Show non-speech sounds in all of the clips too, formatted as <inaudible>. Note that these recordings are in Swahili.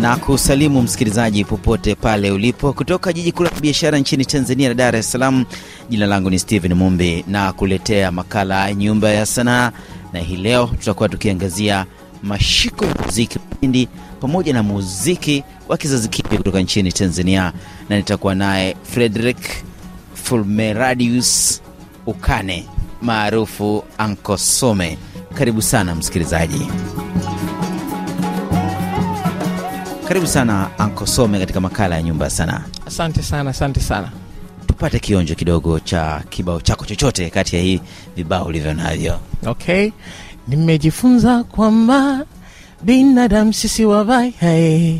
na kusalimu msikilizaji popote pale ulipo kutoka jiji kuu la biashara nchini Tanzania la Dar es Salaam. Jina langu ni Steven Mumbi na kuletea makala Nyumba ya Sanaa, na hii leo tutakuwa tukiangazia mashiko ya muziki pindi pamoja na muziki wa kizazi kipya kutoka nchini Tanzania, na nitakuwa naye Frederick Fulmeradius Ukane maarufu Ankosome. Karibu sana msikilizaji. Karibu sana ankosome katika makala ya nyumba ya sanaa. Asante sana, asante sana. Tupate kionjo kidogo cha kibao chako chochote kati ya hii vibao ulivyo navyo. ok nimejifunza kwamba binadamu sisi wabaya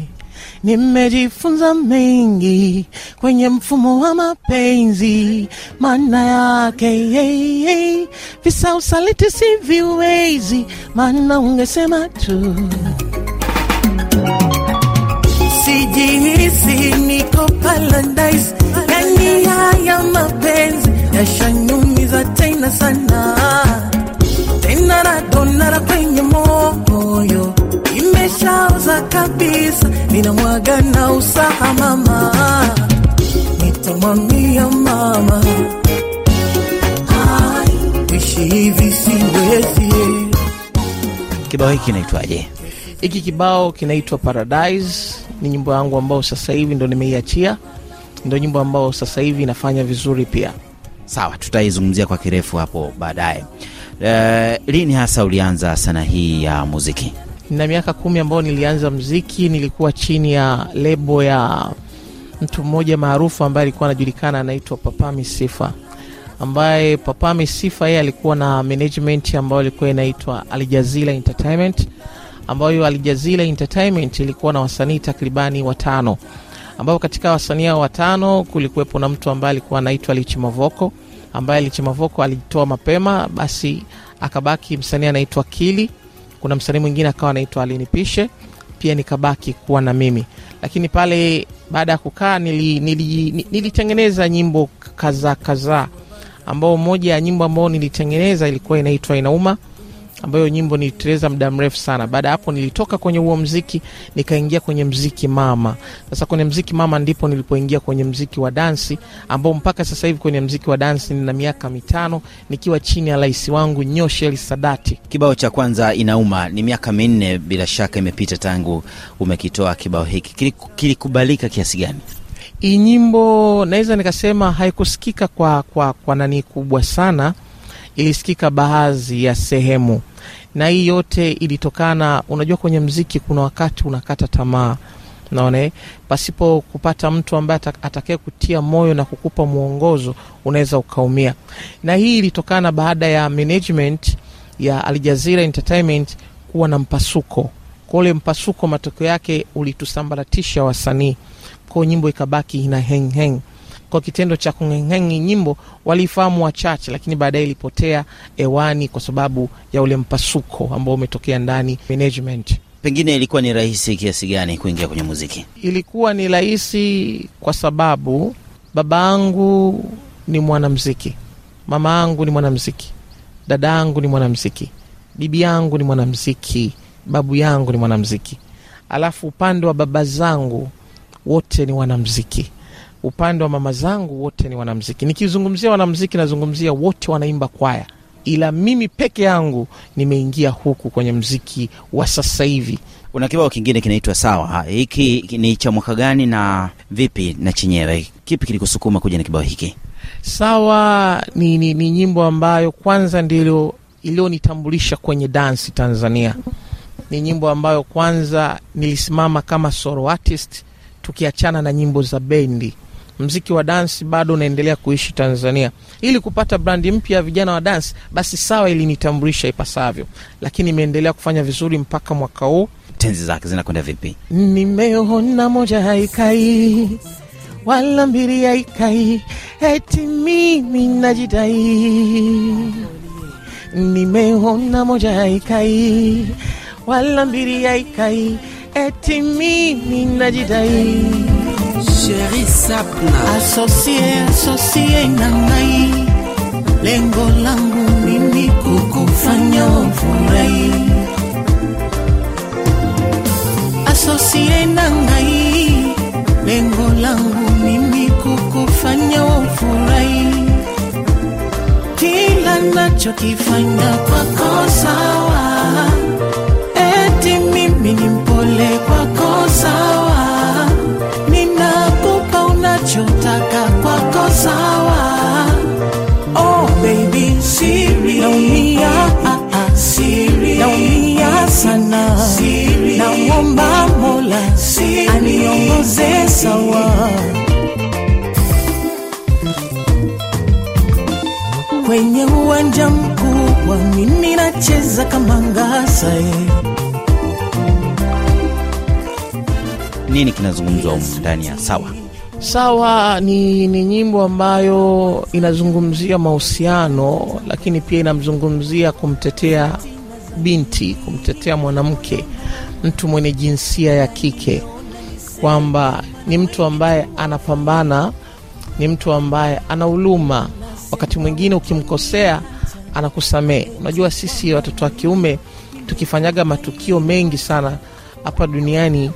nimejifunza mengi kwenye mfumo wa mapenzi, maana yake hey, hey, visausaliti si viwezi, maana ungesema tu sijihisi niko paradise, yani haya mapenzi yashanyumiza tena sana tena, radonara kwenye moyo imeshaoza kabisa, ninamwaga na usaha mama, nitamwambia mama ishi hivi siwezi. Kibao hiki kinaitwaje? Hiki kibao kinaitwa Paradise ni nyimbo yangu ambao sasa hivi ndo nimeiachia, ndo nyimbo ambayo sasa hivi inafanya vizuri pia. Sawa, tutaizungumzia kwa kirefu hapo baadaye. E, lini hasa ulianza sana hii ya muziki? Na miaka kumi ambayo nilianza mziki nilikuwa chini ya lebo ya mtu mmoja maarufu ambaye alikuwa anajulikana anaitwa papami sifa ambaye papami sifa yeye alikuwa na management ambayo alikuwa inaitwa Aljazila Entertainment ambayo Aljazira Entertainment ilikuwa na wasanii takribani watano, ambapo katika wasanii hao watano kulikuwepo na mtu ambaye alikuwa anaitwa Lichimavoko, ambaye Lichimavoko alitoa mapema, basi akabaki msanii anaitwa Kili. Kuna msanii mwingine akawa anaitwa Alinipishe, pia nikabaki kuwa na mimi. Lakini pale baada ya kukaa nilitengeneza nili, nili nyimbo kadhaa kadhaa, ambao moja ya nyimbo ambao nilitengeneza ilikuwa inaitwa Inauma ambayo nyimbo niliteleza muda mrefu sana. Baada ya hapo, nilitoka kwenye huo mziki nikaingia kwenye mziki mama. Sasa kwenye mziki mama ndipo nilipoingia kwenye mziki wa dansi, ambao mpaka sasa hivi kwenye mziki wa dansi nina miaka mitano nikiwa chini ya rais wangu Nyosheli Sadati. Kibao cha kwanza inauma, ni miaka minne bila shaka imepita tangu umekitoa kibao hiki, kilikubalika kiasi gani? Hii nyimbo naweza nikasema haikusikika kwa, kwa, kwa nani kubwa sana, ilisikika baadhi ya sehemu na hii yote ilitokana, unajua kwenye mziki kuna wakati unakata tamaa naone eh? pasipo kupata mtu ambaye atakaye kutia moyo na kukupa mwongozo unaweza ukaumia, na hii ilitokana baada ya management ya Al Jazeera Entertainment kuwa na mpasuko. Kwa mpasuko, matokeo yake ulitusambaratisha wasanii, kwa nyimbo ikabaki ina heng heng kwa kitendo cha kungengengi nyimbo walifahamu wachache, lakini baadaye ilipotea hewani kwa sababu ya ule mpasuko ambao umetokea ndani management. Pengine ilikuwa ni rahisi kiasi gani kuingia kwenye muziki? Ilikuwa ni rahisi kwa sababu baba angu ni mwanamziki, mama angu ni mwanamziki, dada yangu ni mwanamziki, bibi yangu ni mwanamziki, babu yangu ni mwanamziki, alafu upande wa baba zangu wote ni wanamziki upande wa mama zangu wote ni wanamziki. Nikizungumzia wanamziki, nazungumzia wote wanaimba kwaya, ila mimi peke yangu nimeingia huku kwenye mziki wa sasa hivi. Kuna kibao kingine kinaitwa Sawa, hiki ni cha mwaka gani na vipi na chenyewe kipi kilikusukuma kuja na kibao hiki? Sawa ni, ni, ni nyimbo ambayo kwanza ndilo iliyonitambulisha kwenye dansi Tanzania. Ni nyimbo ambayo kwanza nilisimama kama solo artist, tukiachana na nyimbo za bendi mziki wa dansi bado unaendelea kuishi Tanzania. Ili kupata brandi mpya ya vijana wa dansi, basi sawa, ilinitambulisha ipasavyo, lakini imeendelea kufanya vizuri mpaka mwaka huu. Tenzi zake zinakwenda vipi? Nimeona moja haikai wala mbili haikai, eti mimi najidai. Nimeona moja haikai wala mbili haikai, eti mimi najidai. sheri sapna asosie asosie na ngai naomba Mola aniongoze sawa kwenye uwanja mkubwa, mimi nacheza kama ngasa Nini kinazungumzwa humu ndani ya sawa sawa? Ni, ni nyimbo ambayo inazungumzia mahusiano, lakini pia inamzungumzia kumtetea binti, kumtetea mwanamke mtu mwenye jinsia ya kike, kwamba ni mtu ambaye anapambana, ni mtu ambaye anauluma Wakati mwingine ukimkosea anakusamehe. Unajua, sisi watoto wa kiume tukifanyaga matukio mengi sana hapa duniani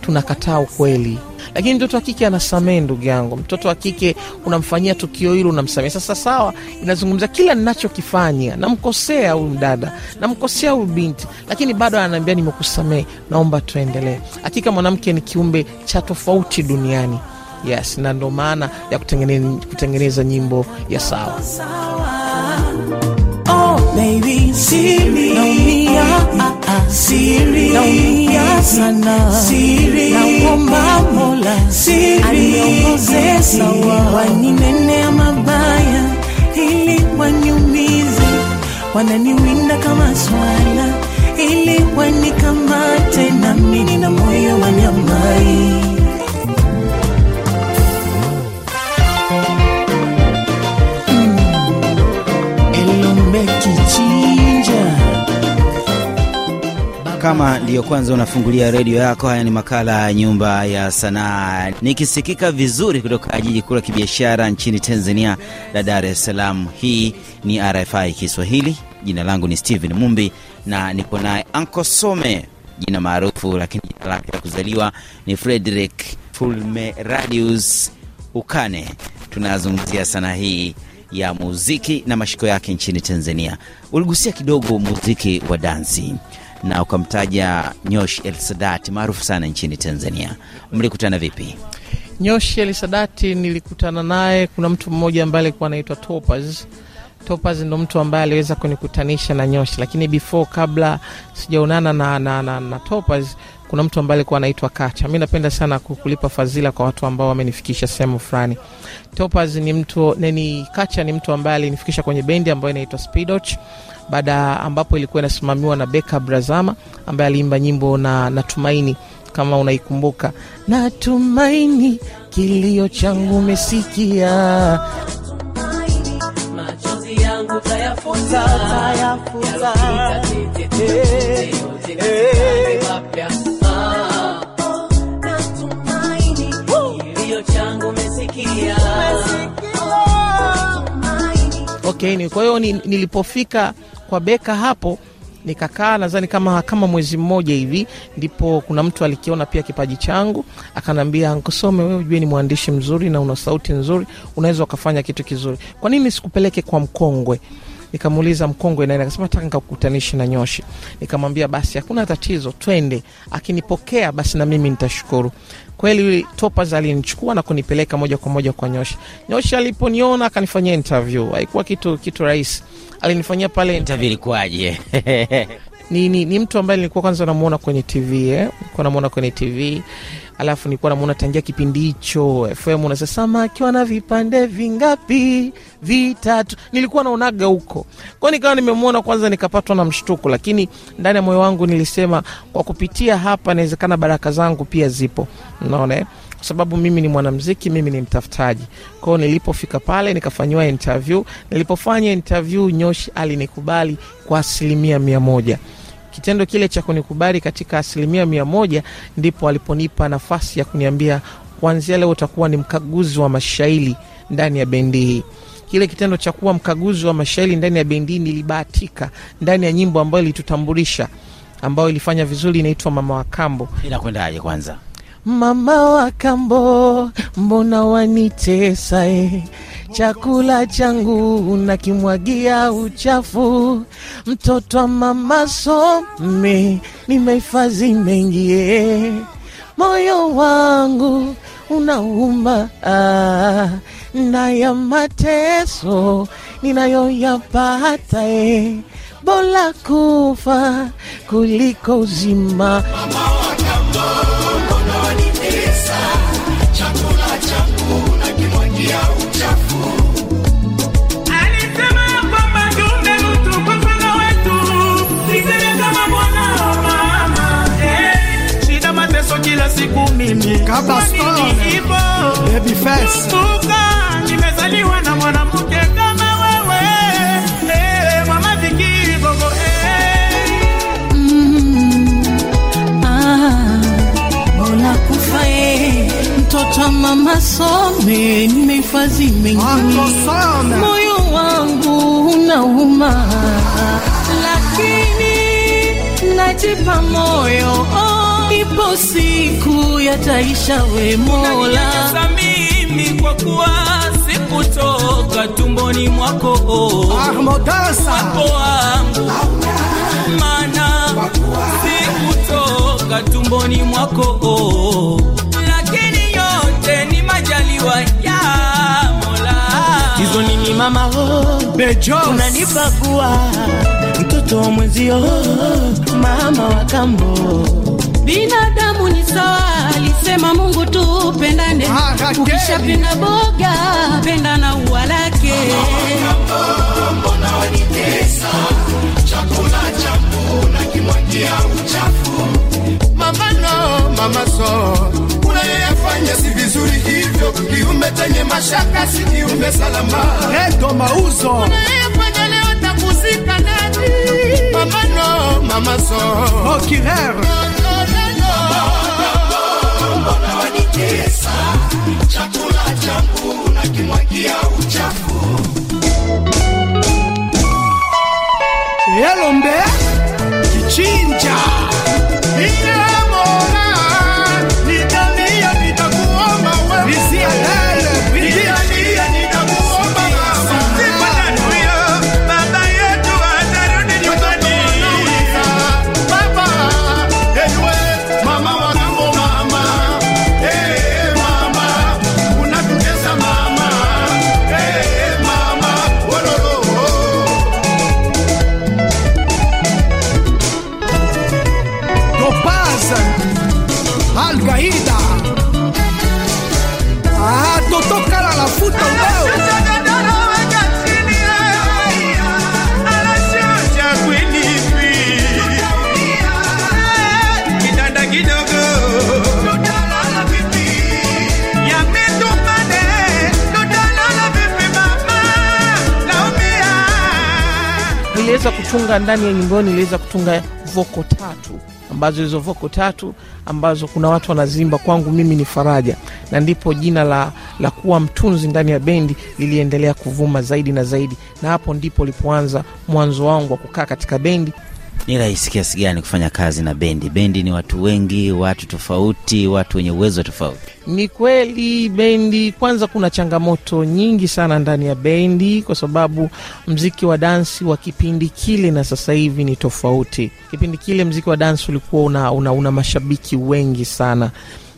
tunakataa ukweli, lakini mtoto wa kike anasamehe, ndugu yangu, mtoto wa kike unamfanyia tukio hilo unamsamehe. Sasa sawa, inazungumza kila ninachokifanya, namkosea huyu mdada, namkosea huyu binti, lakini bado anaambia nimekusamehe, naomba tuendelee. Hakika mwanamke ni kiumbe cha tofauti duniani. Yes, na ndo maana ya kutengeneza, kutengeneza nyimbo ya sawa oh, aniongoze waninenea mabaya ili waniumize, wananiwinda kama swala ili wanikamate, nami na moyo wa nyamai. Hmm. Becky G. Kama ndiyo kwanza unafungulia redio yako, haya ni makala ya Nyumba ya Sanaa, nikisikika vizuri kutoka jiji kuu la kibiashara nchini Tanzania la Dar es Salaam. Hii ni RFI Kiswahili. Jina langu ni stehen Mumbi na niko naye Anko Some, jina maarufu lakini jina lake la kuzaliwa ni Frederick Fulmeradius Ukane. Tunazungumzia sanaa hii ya muziki na mashiko yake nchini Tanzania. Uligusia kidogo muziki wa dansi na ukamtaja Nyosh El Sadat maarufu sana nchini Tanzania. Mlikutana vipi? Nyosh El Sadati nilikutana naye, kuna mtu mmoja ambaye alikuwa anaitwa Topaz. Topaz ndo mtu ambaye aliweza kunikutanisha na Nyosh, lakini before, kabla sijaonana na, na, na, na Topaz, kuna mtu ambaye alikuwa anaitwa Kacha. Mi napenda sana kulipa fadhila kwa watu ambao wamenifikisha sehemu fulani. Topaz ni mtu nni Kacha ni mtu ambaye alinifikisha kwenye bendi ambayo inaitwa Speedoch baada ambapo ilikuwa inasimamiwa na Beka Brazama ambaye aliimba nyimbo na Natumaini kama unaikumbuka. Natumaini kilio changu mesikia, Natumaini eh, eh, eh. kilio changu mesikia Okay, ni kwa hiyo nilipofika kwa beka hapo nikakaa nadhani kama, kama mwezi mmoja hivi, ndipo kuna mtu alikiona pia kipaji changu akanambia, nkusome wewe ujue ni mwandishi mzuri na una sauti nzuri, unaweza ukafanya kitu kizuri, kwa nini sikupeleke kwa mkongwe? Nikamuuliza mkongwe naye akasema taka nkakutanishi na Nyoshi. Nikamwambia basi hakuna tatizo, twende. Akinipokea basi na mimi nitashukuru. Kweli topas alinichukua na kunipeleka moja kwa moja kwa Nyosha. Nyosha aliponiona akanifanyia interview, haikuwa kitu kitu rahisi. Alinifanyia pale interview, ilikuwaje? <laughs> ni, ni, ni mtu ambaye nilikuwa kwanza namuona kwenye TV eh? namuona kwenye TV alafu nilikuwa namuona tangia kipindi hicho FM na samaki wana vipande vingapi? Vitatu. Nilikuwa naonaga huko kwao, nikawa nimemwona kwanza, nikapatwa na mshtuko, lakini ndani ya moyo wangu nilisema kwa kupitia hapa inawezekana baraka zangu pia zipo, unaona eh? kwa sababu mimi ni mwanamziki, mimi ni mtafutaji. Kwao nilipofika pale nikafanyiwa interview, nilipofanya interview Nyoshi alinikubali kwa asilimia mia moja kitendo kile cha kunikubali katika asilimia mia moja ndipo aliponipa nafasi ya kuniambia kuanzia leo utakuwa ni mkaguzi wa mashairi ndani ya bendi hii. Kile kitendo cha kuwa mkaguzi wa mashairi ndani ya bendi hii nilibahatika ndani ya nyimbo ambayo ilitutambulisha ambayo ilifanya vizuri, inaitwa Mama wa Kambo. Inakwendaje kwanza? mama wa kambo, mbona wanitesa Chakula changu nakimwagia uchafu, mtoto wa mama some, mahifadhi mengi e, Moyo wangu unauma ah, na ya mateso ninayoyapata e, Bora kufa kuliko uzima mama wa kambo. Baby face. Nimezaliwa na mwanamke kama wewe hey, eh, mama Viki gogo hey. kufa hey. Mtoto mama some nimehifadhi mengi moyo wangu unauma lakini najipa moyo oh, ipo siku yataisha, we Mola mimi kwa kuwa sikutoka tumboni mwako oh, ah, wangu mana sikutoka tumboni mwako oh. yako nini mama ho oh? Bejo unanipagua mtoto wa mwenzio mama wa kambo binadamu ni sawa, alisema Mungu tu pendane, ah, ukishapenda boga penda na ua lake mama, no, mama so anayefanya si vizuri hivyo, kiume chenye mashaka si kiume salama. Reto mauzo anayefanya leo takuzika nani? Mama no, mama so Okirer no, chakula changu na kimwagia uchafu mafuta kutunga ndani ya nyumbani, niliweza kutunga voko tatu ambazo hizo voko tatu ambazo kuna watu wanazimba kwangu mimi ni faraja, na ndipo jina la, la kuwa mtunzi ndani ya bendi liliendelea kuvuma zaidi na zaidi, na hapo ndipo lipoanza mwanzo wangu wa kukaa katika bendi ni rahisi kiasi gani kufanya kazi na bendi? Bendi ni watu wengi, watu tofauti, watu wenye uwezo tofauti. Ni kweli bendi, kwanza kuna changamoto nyingi sana ndani ya bendi, kwa sababu mziki wa dansi wa kipindi kile na sasa hivi ni tofauti. Kipindi kile mziki wa dansi ulikuwa una, una, una mashabiki wengi sana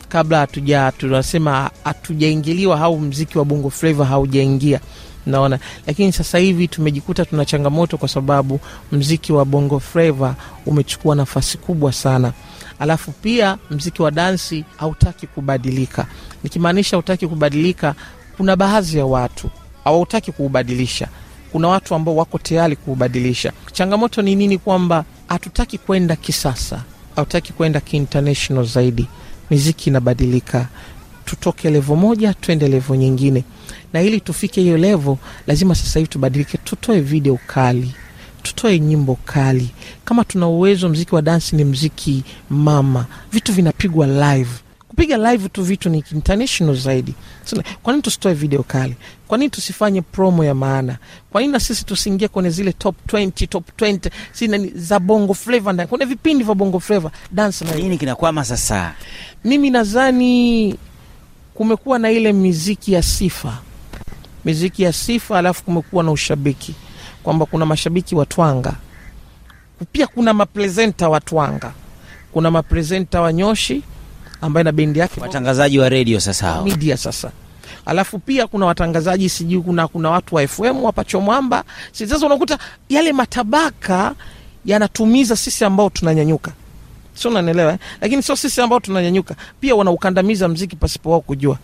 kabla hatuja tunasema hatujaingiliwa au mziki wa bongo flavo haujaingia naona. Lakini sasa hivi tumejikuta tuna changamoto kwa sababu mziki wa bongo freva umechukua nafasi kubwa sana, alafu pia mziki wa dansi hautaki kubadilika. Nikimaanisha hautaki kubadilika, kuna baadhi ya watu hawautaki kuubadilisha, kuna watu ambao wako tayari kuubadilisha. Changamoto ni nini? Kwamba hatutaki kwenda kisasa, hautaki kwenda kiintenational zaidi. Miziki inabadilika, tutoke levo moja twende levo nyingine na ili tufike hiyo levo lazima sasa hivi tubadilike, tutoe video kali tutoe nyimbo kali. Kama tuna uwezo, mziki wa dansi ni mziki mama, vitu vinapigwa live. Kupiga live tu vitu ni international zaidi. kwanini tusitoe video kali? kwanini tusifanye promo ya maana? kwanini na sisi tusiingie kwenye zile top 20, top 20 si nani za bongo flava ndani? Kuna vipindi vya bongo flava dance na nini kinakwama sasa. Mimi nadhani kumekuwa na ile miziki ya sifa miziki ya sifa, alafu kumekuwa na ushabiki kwamba kuna mashabiki wa Twanga, pia kuna maprezenta wa Twanga, kuna maprezenta wa Nyoshi ambaye na bendi yake, watangazaji wa redio sasa, hao media sasa alafu pia kuna watangazaji sijui kuna, kuna watu wa FM hapa Chomwamba. Sasa unakuta yale matabaka yanatumiza sisi ambao tunanyanyuka, sio, unanielewa eh? Lakini sio sisi ambao tunanyanyuka, pia wanaukandamiza mziki pasipo wao kujua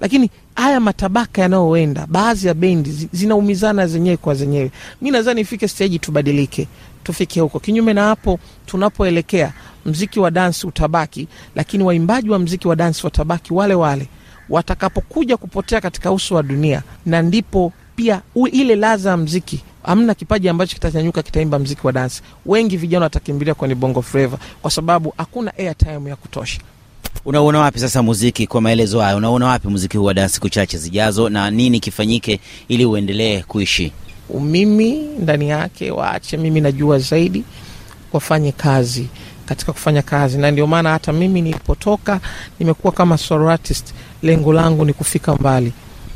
lakini haya matabaka yanayoenda, baadhi ya bendi zinaumizana zenyewe kwa zenyewe. Mi nadhani ifike steji tubadilike, tufike huko. Kinyume na hapo, tunapoelekea mziki wa dansi utabaki, lakini waimbaji wa mziki wa dansi watabaki wale wale watakapokuja kupotea katika uso wa dunia, na ndipo pia u, ile laza ya mziki Hamna kipaji ambacho kitanyanyuka kitaimba mziki wa dansi. Wengi vijana watakimbilia kwenye bongo fleva kwa sababu hakuna airtime ya kutosha. Unauona wapi sasa muziki kwa maelezo hayo, unauona wapi muziki huu wa dansi siku chache zijazo, na nini kifanyike ili uendelee kuishi? Mimi ndani yake waache, mimi najua zaidi, wafanye kazi katika kufanya kazi, na ndio maana hata mimi nilipotoka nimekuwa kama solo artist. Lengo langu ni kufika mbali,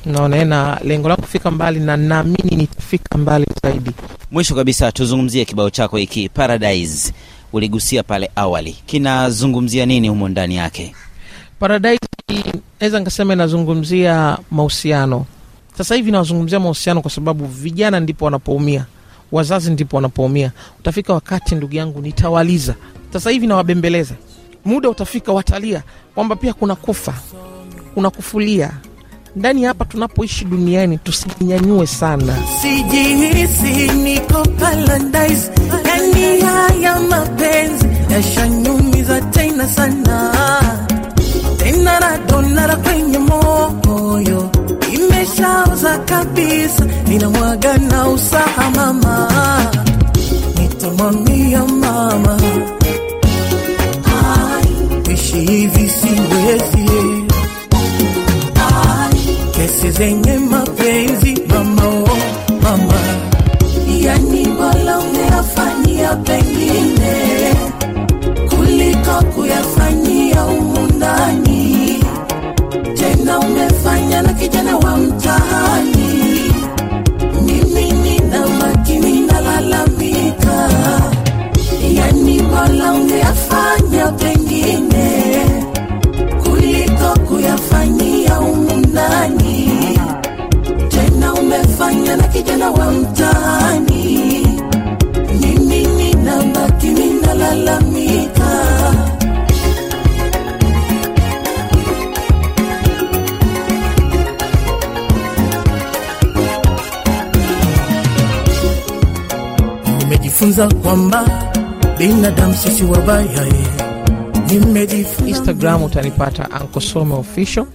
naona eh, lengo langu kufika mbali, na naamini nitafika mbali zaidi. Mwisho kabisa, tuzungumzie kibao chako hiki Paradise uligusia pale awali, kinazungumzia nini humo ndani yake? Paradise naweza nikasema inazungumzia mahusiano. Sasa hivi nawazungumzia mahusiano kwa sababu vijana ndipo wanapoumia, wazazi ndipo wanapoumia. Utafika wakati ndugu yangu nitawaliza. Sasa hivi nawabembeleza, muda utafika watalia kwamba pia kuna kufa, kuna kufulia ndani hapa tunapoishi duniani. tusinyanyue sana, sijihisi niko paradise lakini haya mapenzi yashanyumiza tena sana tena, radonara kwenye moyo imeshaoza kabisa, ninamwaga na usaha mama, nitamwambia mama ishi hivi siwezi, kesi zenye mapenzi mama maisha pengine kuliko kuyafanyia umundani. Tena umefanya na kijana wa mtaani. Mimi nina makini nalalamika, yani bala ungeyafanya pengine kuliko kuyafanyia umundani. Tena umefanya na kijana wa mtaani. kujifunza kwamba binadamu sisi wabaya. Instagram utanipata Ankosome Official,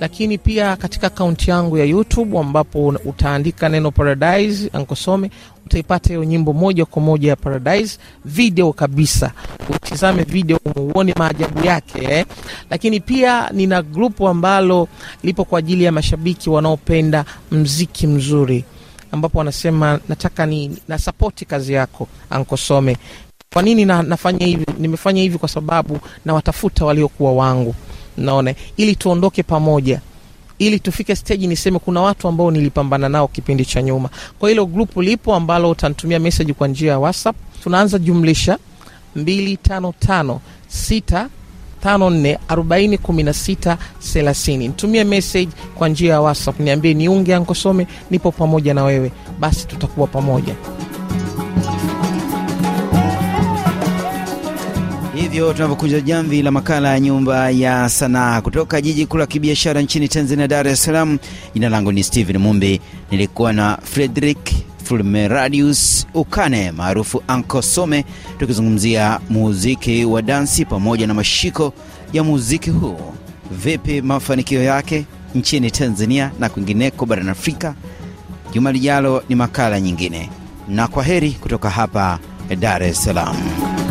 lakini pia katika akaunti yangu ya YouTube ambapo utaandika neno Paradise Ankosome utaipata hiyo nyimbo moja kwa moja ya Paradise, video kabisa. Utizame video uone maajabu yake eh. Lakini pia nina grupu ambalo lipo kwa ajili ya mashabiki wanaopenda mziki mzuri ambapo wanasema nataka ni nasapoti kazi yako Ankosome. Kwa nini na, nafanya hivi? Nimefanya hivi kwa sababu na watafuta waliokuwa wangu, naona ili tuondoke pamoja ili tufike stage niseme kuna watu ambao nilipambana nao kipindi cha nyuma. Kwa hilo grupu lipo ambalo utanitumia message kwa njia ya WhatsApp. Tunaanza jumlisha 255 6 54 Nitumie message kwa njia ya WhatsApp, niambie niunge ankosome, nipo pamoja na wewe, basi tutakuwa pamoja. Hivyo tunavyokunja jamvi la makala ya Nyumba ya Sanaa kutoka jiji kuu la kibiashara nchini Tanzania, Dar es Salaam. Jina langu ni stephen Mumbi, nilikuwa na Frederick Mfalme Radius Ukane maarufu Anko Some, tukizungumzia muziki wa dansi pamoja na mashiko ya muziki huu. Vipi mafanikio yake nchini Tanzania na kwingineko barani Afrika? Juma lijalo ni makala nyingine, na kwa heri kutoka hapa Dar es Salaam.